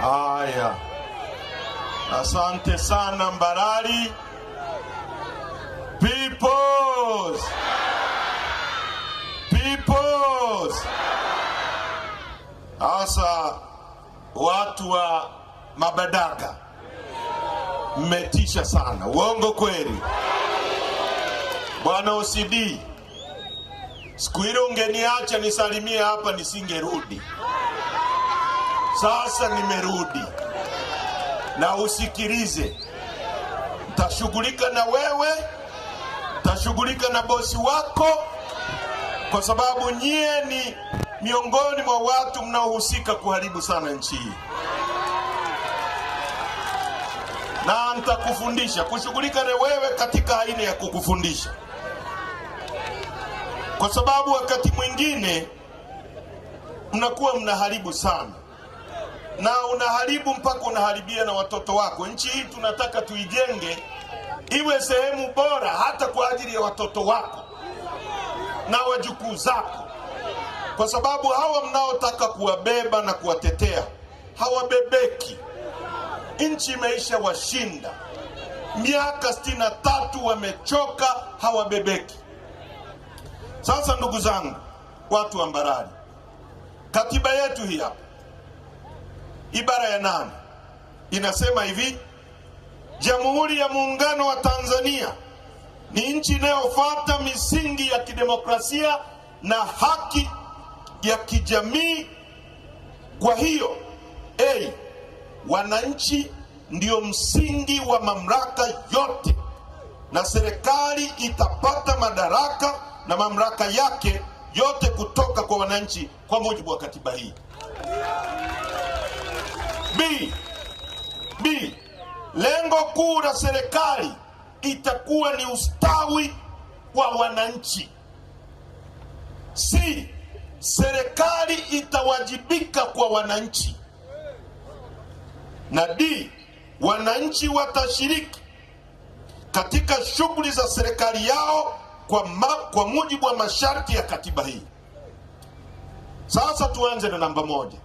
Haya, asante sana Mbarali Peoples. Peoples. Asa watu wa mabadaga mmetisha sana, uongo kweli? Bwana OCD, siku ile ungeniacha nisalimie hapa nisingerudi. Sasa nimerudi na usikilize, ntashughulika na wewe, ntashughulika na bosi wako, kwa sababu nyie ni miongoni mwa watu mnaohusika kuharibu sana nchi hii, na ntakufundisha kushughulika na wewe katika aina ya kukufundisha, kwa sababu wakati mwingine mnakuwa mnaharibu sana na unaharibu mpaka unaharibia na watoto wako. Nchi hii tunataka tuijenge iwe sehemu bora hata kwa ajili ya watoto wako na wajukuu zako, kwa sababu hawa mnaotaka kuwabeba na kuwatetea hawabebeki. Nchi imeisha washinda miaka sitini na tatu, wamechoka, hawabebeki. Sasa ndugu zangu, watu wa Mbarali, katiba yetu hii hapa ibara ya nane inasema hivi: Jamhuri ya Muungano wa Tanzania ni nchi inayofuata misingi ya kidemokrasia na haki ya kijamii. Kwa hiyo hey, wananchi ndio msingi wa mamlaka yote, na serikali itapata madaraka na mamlaka yake yote kutoka kwa wananchi kwa mujibu wa katiba hii. B. B. Lengo kuu la serikali itakuwa ni ustawi wa wananchi. C. Serikali itawajibika kwa wananchi. Na D. Wananchi watashiriki katika shughuli za serikali yao kwa, ma, kwa mujibu wa masharti ya katiba hii. Sasa tuanze na namba moja.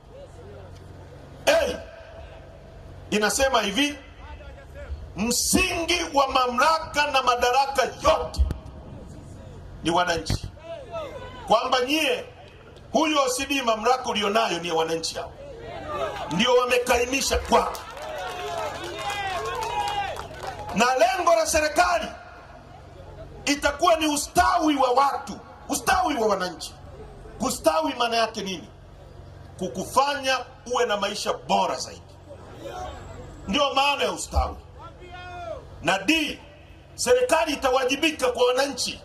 Hey inasema hivi, msingi wa mamlaka na madaraka yote ni wananchi, kwamba nyie, huyo OCD mamlaka ulionayo ni wananchi, hao ndio wamekaimisha kwa na lengo la serikali itakuwa ni ustawi wa watu, ustawi wa wananchi. Kustawi maana yake nini? Kukufanya uwe na maisha bora zaidi ndio maana ya ustawi. Na D, serikali itawajibika kwa wananchi,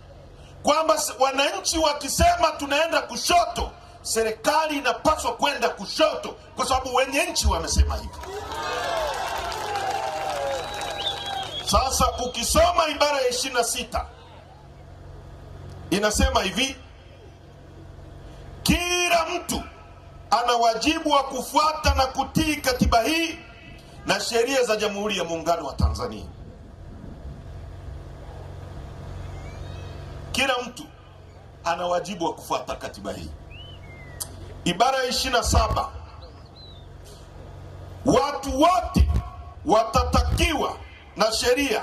kwamba wananchi wakisema tunaenda kushoto, serikali inapaswa kwenda kushoto, kwa sababu wenye nchi wamesema hivyo. Sasa ukisoma ibara ya ishirini sita inasema hivi, kila mtu ana wajibu wa kufuata na kutii katiba hii na sheria za Jamhuri ya Muungano wa Tanzania. Kila mtu ana wajibu wa kufuata katiba hii. Ibara ya 27, watu wote watatakiwa na sheria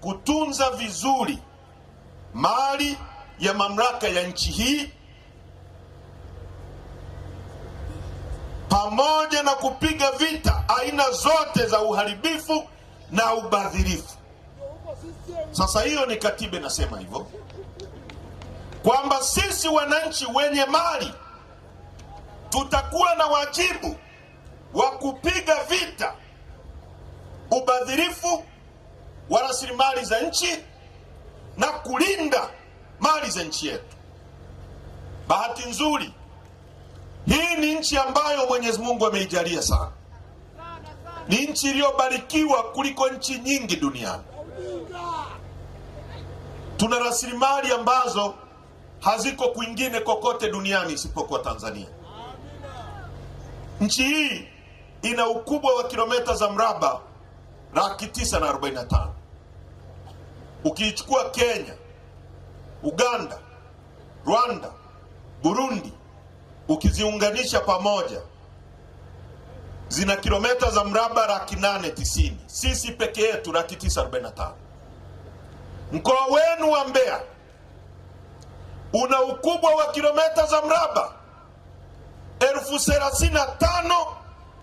kutunza vizuri mali ya mamlaka ya nchi hii pamoja na kupiga vita aina zote za uharibifu na ubadhirifu. Sasa hiyo ni katiba inasema hivyo kwamba sisi wananchi wenye mali tutakuwa na wajibu wa kupiga vita ubadhirifu wa rasilimali za nchi na kulinda mali za nchi yetu. Bahati nzuri hii ni nchi ambayo Mwenyezi Mungu ameijalia sana, ni nchi iliyobarikiwa kuliko nchi nyingi duniani. Tuna rasilimali ambazo haziko kwingine kokote duniani isipokuwa Tanzania. Nchi hii ina ukubwa wa kilomita za mraba laki tisa na arobaini na tano. Ukiichukua Kenya, Uganda, Rwanda, Burundi, ukiziunganisha pamoja zina kilomita za mraba laki nane tisini sisi peke yetu laki tisa arobaini na tano. Mkoa wenu wa Mbeya una ukubwa wa kilomita za mraba elfu thelathini na tano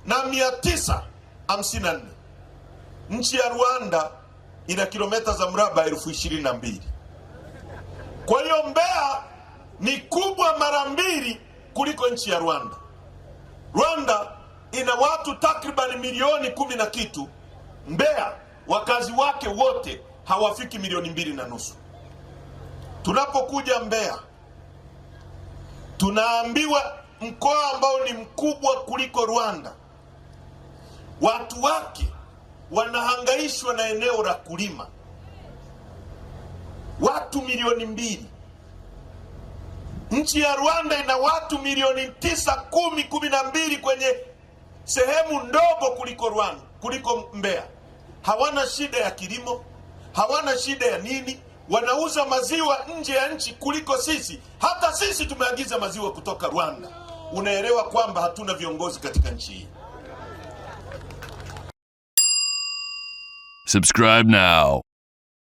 na mia tisa hamsini na nne. Nchi ya Rwanda ina kilomita za mraba elfu ishirini na mbili. Kwa hiyo Mbeya ni kubwa mara mbili kuliko nchi ya Rwanda. Rwanda ina watu takriban milioni kumi na kitu. Mbeya wakazi wake wote hawafiki milioni mbili na nusu. Tunapokuja Mbeya tunaambiwa mkoa ambao ni mkubwa kuliko Rwanda, watu wake wanahangaishwa na eneo la kulima. Watu milioni mbili Nchi ya Rwanda ina watu milioni tisa kumi kumi na mbili kwenye sehemu ndogo kuliko Rwanda, kuliko Mbeya. Hawana shida ya kilimo, hawana shida ya nini, wanauza maziwa nje ya nchi kuliko sisi. Hata sisi tumeagiza maziwa kutoka Rwanda. Unaelewa kwamba hatuna viongozi katika nchi hii. Subscribe now.